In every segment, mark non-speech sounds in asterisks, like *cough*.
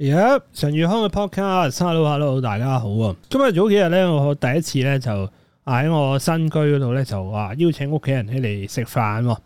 Yeah 晨宇康嘅 podcast，hello hello 大家好啊！今日早幾日咧，我第一次咧就喺我新居嗰度咧就話邀請屋企人起嚟食飯，啊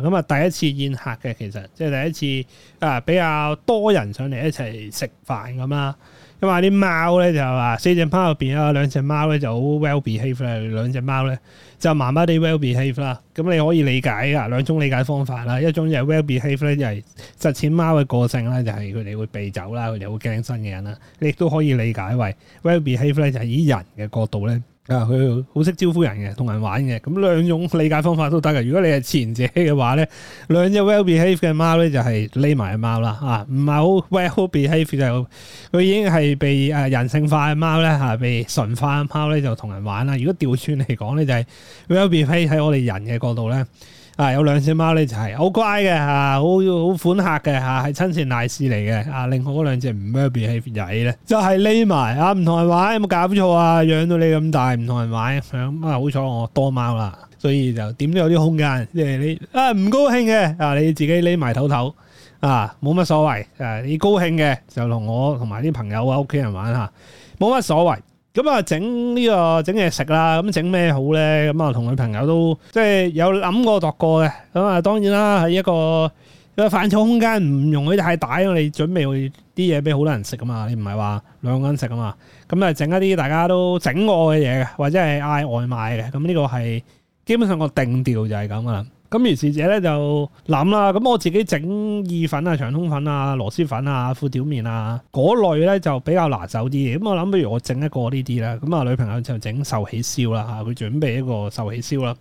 咁啊第一次宴客嘅，其實即係第一次啊比較多人上嚟一齊食飯咁啦。因為啲貓咧就話四隻貓入面啊，兩隻貓咧就好 well behaved，兩隻貓咧就麻麻地 well behaved 啦。咁你可以理解啊兩種理解方法啦，一種就 well behaved 咧就係實踐貓嘅個性呢，就係佢哋會避走啦，佢哋會驚新嘅人啦。你亦都可以理解為 well behaved 咧就係、是、以人嘅角度咧。啊！佢好識招呼人嘅，同人玩嘅。咁兩種理解方法都得㗎。如果你係前者嘅話咧，兩隻 well-behaved 嘅貓咧就係匿埋嘅貓啦。啊、唔係好 well-behaved 就佢已經係被人性化嘅貓咧嚇、啊，被純化嘅貓咧就同人玩啦。如果調轉嚟講咧，就係 well-behaved 喺我哋人嘅角度咧。啊， *music* 有兩隻貓咧就係、是、好乖嘅嚇，好好款客嘅嚇，係親善大使嚟嘅。啊，另外嗰兩隻唔 well behaved 咧，就係匿埋啊，唔同人玩，有冇搞錯啊？養到你咁大唔同人玩。啊，好彩我多貓啦，所以就點都有啲空間。即、啊、係你啊唔高興嘅啊，你自己匿埋唞唞啊，冇乜所謂。誒，你高興嘅就同我同埋啲朋友啊、屋企人玩下，冇乜所謂。啊咁、嗯、啊，整、這個、呢個整嘢食啦，咁整咩好咧？咁啊，同女朋友都即係有諗過度過嘅。咁、嗯、啊，當然啦，係一個一個飯菜空間唔容許太大，因為你準備去啲嘢俾好多人食啊嘛，你唔係話兩個人食啊嘛。咁、嗯、啊，整、嗯、一啲大家都整過嘅嘢嘅，或者係嗌外賣嘅。咁、嗯、呢、這個係基本上個定調就係咁噶啦。咁於是者咧就諗啦，咁我自己整意粉啊、長通粉啊、螺絲粉啊、闊條麵啊嗰類咧就比較拿手啲嘢。咁我諗不如我整一個呢啲啦。咁啊，女朋友就整壽喜燒啦嚇，佢準備一個壽喜燒啦。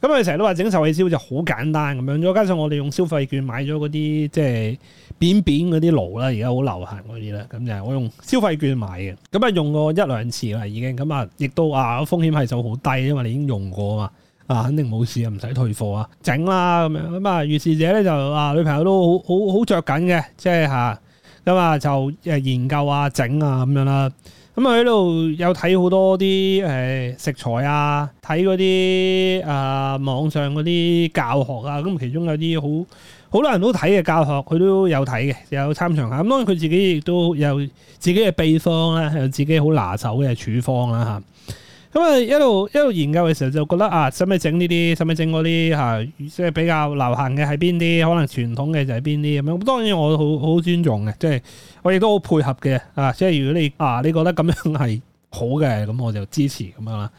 咁佢成日都話整壽喜燒就好簡單咁樣，再加上我哋用消費券買咗嗰啲即係扁扁嗰啲爐啦，而家好流行嗰啲啦。咁就係我用消費券買嘅，咁啊用過一兩次啦已經，咁啊亦都啊風險係數好低，因為你已經用過啊嘛。啊，肯定冇事啊，唔使退貨啊，整啦咁樣咁啊！於是者咧就話女朋友都好好好著緊嘅，即係嚇咁啊，就誒研究啊，整啊咁樣啦。咁啊喺度有睇好多啲誒食材啊，睇嗰啲啊網上嗰啲教學啊。咁其中有啲好好多人都睇嘅教學，佢都有睇嘅，有參詳下。咁當然佢自己亦都有自己嘅秘方啦，有自己好拿手嘅處方啦嚇。咁、嗯、啊一路一路研究嘅時候就覺得啊，使咪整呢啲，使咪整嗰啲吓，即係比較流行嘅係邊啲，可能傳統嘅就係邊啲咁樣。當然我好好尊重嘅，即係我亦都好配合嘅啊。即係如果你啊，你覺得咁樣係好嘅，咁我就支持咁樣啦。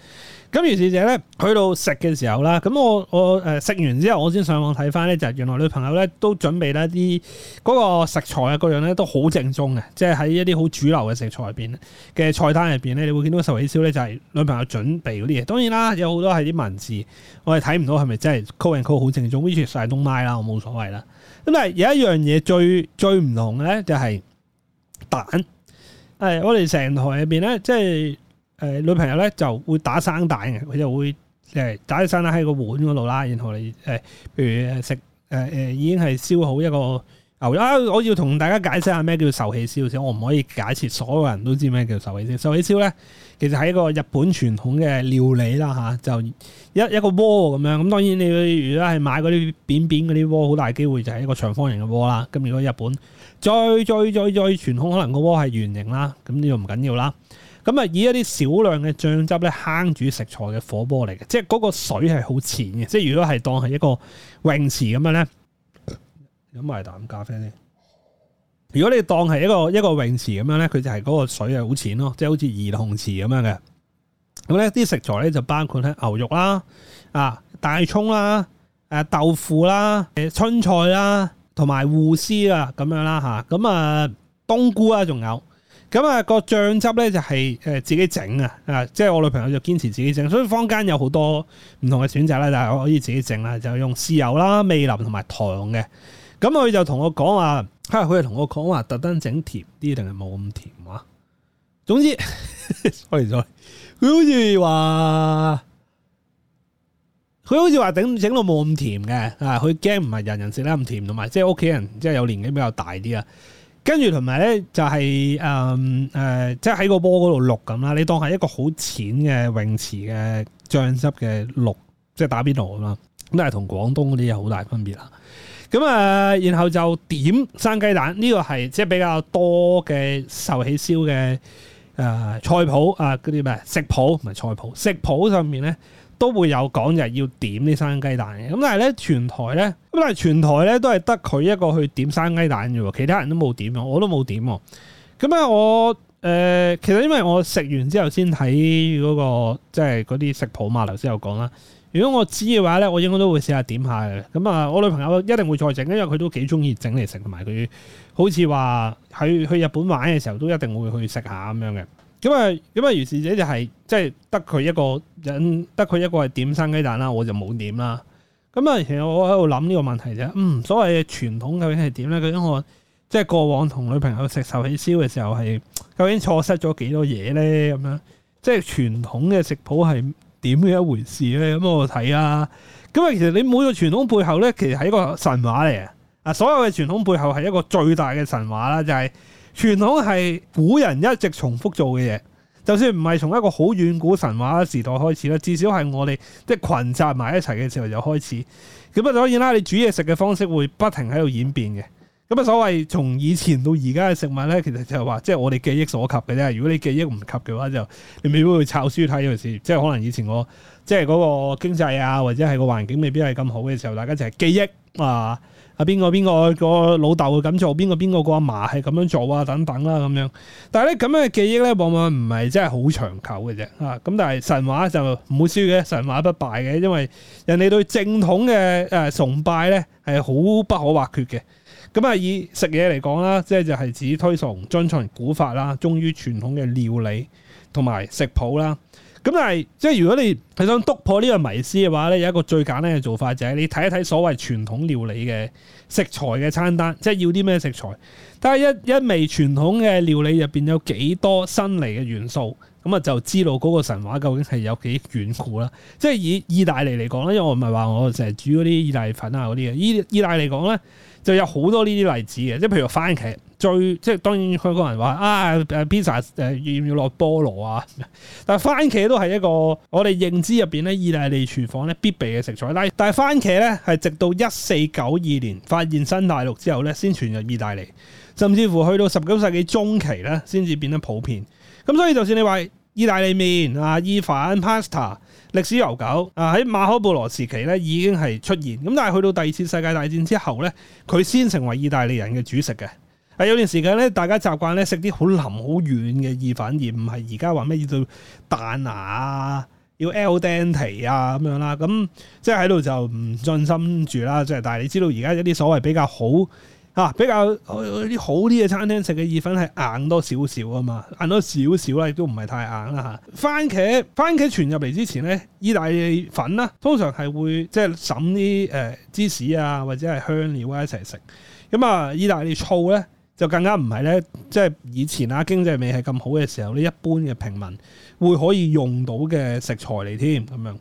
咁於是者咧去到食嘅時候啦，咁我我誒食完之後，我先上網睇翻咧，就係、是、原來女朋友咧都準備咧啲嗰個食材啊，嗰樣咧都好正宗嘅，即係喺一啲好主流嘅食材入面。嘅菜單入面咧，你會見到壽喜燒咧，就係女朋友準備嗰啲嘢。當然啦，有好多係啲文字，我哋睇唔到係咪真係 call and call 好正宗，which is 東拉啦，我冇所謂啦。咁但係有一樣嘢最最唔同咧，就係蛋。誒，我哋成台入面咧，即係。誒、呃、女朋友咧就會打生蛋嘅，佢就會誒打生蛋喺個碗嗰度啦。然後你誒、呃，譬如食誒誒，已經係燒好一個牛肉、啊、我要同大家解釋下咩叫壽喜燒先，我唔可以解釋所有人都知咩叫壽喜燒。壽喜燒咧，其實係一個日本傳統嘅料理啦嚇、啊，就一一個鍋咁樣。咁當然你如果係買嗰啲扁扁嗰啲鍋，好大機會就係一個長方形嘅鍋啦。咁如果日本最最最最傳統，可能個鍋係圓形啦，咁呢個唔緊要啦。咁啊，以一啲少量嘅醬汁咧，烹煮食材嘅火鍋嚟嘅，即係嗰個水係好淺嘅，即係如果係當係一個泳池咁樣咧，飲埋啖咖啡先。如果你當係一個一個泳池咁樣咧，佢就係嗰個水係好淺咯，即係好似兒童池咁樣嘅。咁咧啲食材咧就包括咧牛肉啦、啊大蔥啦、啊、豆腐啦、啊、春菜啦、同埋芋絲啊咁樣啦吓，咁啊，啊冬菇啊仲有。咁啊，個醬汁咧就係自己整啊，啊，即係我女朋友就堅持自己整，所以坊間有好多唔同嘅選擇啦，但係可以自己整啦，就用豉油啦、味淋同埋糖嘅。咁佢就同我講話，嚇、哎、佢就同我講話，特登整甜啲定係冇咁甜啊？總之，sorry sorry，佢好似話，佢好似話整整到冇咁甜嘅啊！佢驚唔係人人食得咁甜，同埋即係屋企人即係有年紀比較大啲啊。跟住同埋咧，就係即係喺個波嗰度碌咁啦。你當係一個好淺嘅泳池嘅醬汁嘅碌，即係打邊爐咁啦。咁都係同廣東嗰啲有好大分別啦。咁啊、呃，然後就點生雞蛋呢個係即係比較多嘅壽喜燒嘅誒、呃、菜譜啊，嗰啲咩食譜唔係菜譜食譜上面咧。都會有講就係要點啲生雞蛋嘅，咁但係咧全台咧，咁但係全台咧都係得佢一個去點生雞蛋啫喎，其他人都冇點啊，我都冇點喎。咁啊，我、呃、誒其實因為我食完之後先睇嗰個即係嗰啲食譜嘛，頭先有講啦。如果我知嘅話咧，我應該都會試,試點下點下嘅。咁啊，我女朋友一定會再整，因為佢都幾中意整嚟食，同埋佢好似話喺去日本玩嘅時候都一定會去食下咁樣嘅。咁啊，咁啊，如是者就係即係得佢一個人，得佢一個係點生雞蛋啦，我就冇點啦。咁啊，其實我喺度諗呢個問題啫。嗯，所謂嘅傳統究竟係點咧？究竟我即係、就是、過往同女朋友食壽喜燒嘅時候係，究竟錯失咗幾多嘢咧？咁樣即係傳統嘅食譜係點嘅一回事咧？咁我睇啊。咁啊，其實你每個傳統背後咧，其實係一個神話嚟啊。所有嘅傳統背後係一個最大嘅神話啦，就係、是。傳統係古人一直重複做嘅嘢，就算唔係從一個好遠古神話時代開始啦，至少係我哋即係羣集埋一齊嘅時候就開始。咁啊，當然啦，你煮嘢食嘅方式會不停喺度演變嘅。咁啊，所謂從以前到而家嘅食物咧，其實就係話即係我哋記憶所及嘅啫。如果你記憶唔及嘅話，就你未必會抄書睇呢樣事。即係可能以前我即係嗰個經濟啊，或者係個環境未必係咁好嘅時候，大家就係記憶啊。呃邊個邊個個老豆會咁做，邊個邊個個阿嫲係咁樣做啊等等啦咁樣，但係咧，咁樣嘅記憶咧往往唔係真係好長久嘅啫。啊咁但係神話就唔好輸嘅，神話不敗嘅，因為人哋對正統嘅誒崇拜咧係好不可或缺嘅。咁啊以食嘢嚟講啦，即係就係、是、指推崇遵循古法啦，忠於傳統嘅料理同埋食譜啦。咁但係即係如果你係想突破呢個迷思嘅話咧，有一個最簡單嘅做法就係你睇一睇所謂傳統料理嘅食材嘅餐單，即係要啲咩食材，睇下一一味傳統嘅料理入面有幾多新嚟嘅元素，咁啊就知道嗰個神話究竟係有幾遠古啦。即係以意大利嚟講咧，因為我唔係話我成日煮嗰啲意大利粉啊嗰啲嘅，意意大利嚟講咧就有好多呢啲例子嘅，即係譬如番茄。最即係當然香港人話啊誒披薩誒要唔要落菠蘿啊？ *laughs* 但係番茄都係一個我哋認知入邊咧，意大利廚房咧必備嘅食材。但係番茄咧係直到一四九二年發現新大陸之後咧，先傳入意大利，甚至乎去到十九世紀中期咧，先至變得普遍。咁所以就算你話意大利麵啊、意粉 pasta，歷史悠久啊，喺馬可波羅時期咧已經係出現。咁但係去到第二次世界大戰之後咧，佢先成為意大利人嘅主食嘅。有段時間咧，大家習慣咧食啲好腍好軟嘅意粉，而唔係而家話咩要彈牙啊，要 al dente 啊咁樣啦。咁即係喺度就唔盡心住啦。即係，但係你知道而家一啲所謂比較好啊，比較啲、呃、好啲嘅餐廳食嘅意粉係硬多少少啊嘛，硬多少少啦，亦都唔係太硬啦吓、啊。番茄番茄傳入嚟之前咧，意大利粉啦，通常係會即係揾啲誒芝士啊或者係香料啊一齊食。咁啊，意大利醋咧。就更加唔係咧，即係以前啊經濟未係咁好嘅時候，呢一般嘅平民會可以用到嘅食材嚟添咁樣。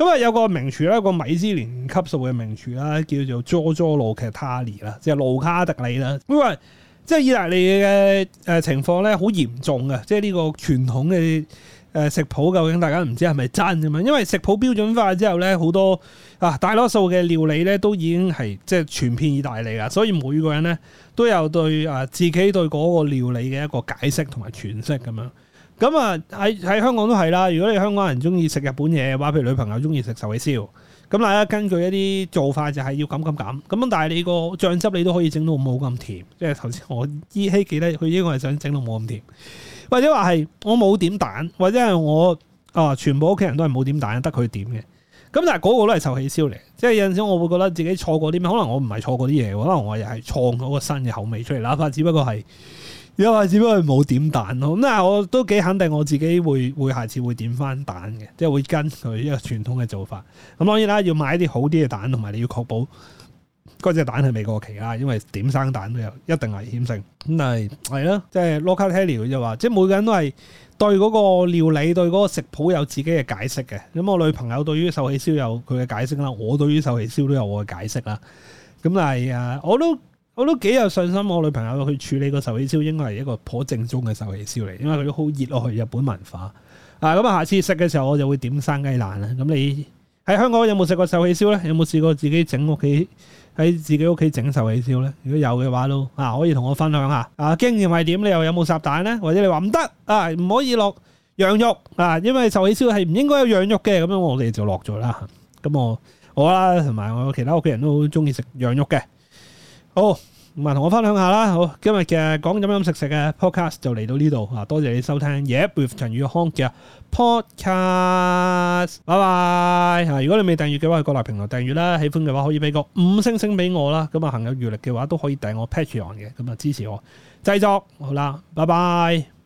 因為有個名廚咧，一個米芝蓮級數嘅名廚啦，叫做佐佐路卡塔尼啦，即係盧卡特利啦。因為即係意大利嘅誒情況咧，好嚴重嘅，即係呢個傳統嘅。誒食譜究竟大家唔知係咪真咁樣？因為食譜標準化之後呢，好多啊大多數嘅料理呢都已經係即係全片意大利啊，所以每個人呢都有對啊自己對嗰個料理嘅一個解釋同埋詮釋咁樣。咁啊喺喺香港都係啦。如果你香港人中意食日本嘢嘅話，譬如女朋友中意食壽喜燒。咁大家根據一啲做法就係要咁咁咁，咁但係你個醬汁你都可以整到冇咁甜，即係頭先我依稀記得佢應該係想整到冇咁甜，或者話係我冇點蛋，或者係我啊全部屋企人都係冇點蛋，得佢點嘅，咁但係嗰個都係壽喜燒嚟，即係有陣時我會覺得自己錯過啲咩，可能我唔係錯過啲嘢，可能我又係創咗個新嘅口味出嚟，哪怕只不過係。因為只不過冇點蛋咯，咁但係我都幾肯定我自己會會下次會點翻蛋嘅，即係會跟佢一個傳統嘅做法。咁當然啦，要買啲好啲嘅蛋，同埋你要確保嗰隻蛋係未過期啦。因為點生蛋都有一定是危險性。咁但係係啦，即係 local tale 就話，即係每個人都係對嗰個料理、對嗰個食譜有自己嘅解釋嘅。咁我女朋友對於壽喜燒有佢嘅解釋啦，我對於壽喜燒都有我嘅解釋啦。咁但係啊，我都。我都幾有信心，我女朋友去處理個壽喜燒，應該係一個頗正宗嘅壽喜燒嚟，因為佢都好熱落去日本文化啊。咁啊，下次食嘅時候，我就會點生雞蛋啦。咁你喺香港有冇食過壽喜燒呢？有冇試過自己整屋企喺自己屋企整壽喜燒呢？如果有嘅話都，都啊可以同我分享下。啊，經驗係點？你又有冇烚蛋呢？或者你話唔得啊？唔可以落羊肉啊？因為壽喜燒係唔應該有羊肉嘅。咁樣我哋就落咗啦。咁我我啦，同埋我其他屋企人都好中意食羊肉嘅。好，咁啊，同我分享下啦。好，今日嘅講飲飲食食嘅 podcast 就嚟到呢度啊，多謝你收聽。Yes，陳宇康嘅 podcast，拜拜。如果你未訂閱嘅話，去各大平台訂閱啦。喜歡嘅話，可以俾個五星星俾我啦。咁啊，行有餘力嘅話，都可以訂我 Patreon 嘅。咁啊，支持我製作好啦，拜拜。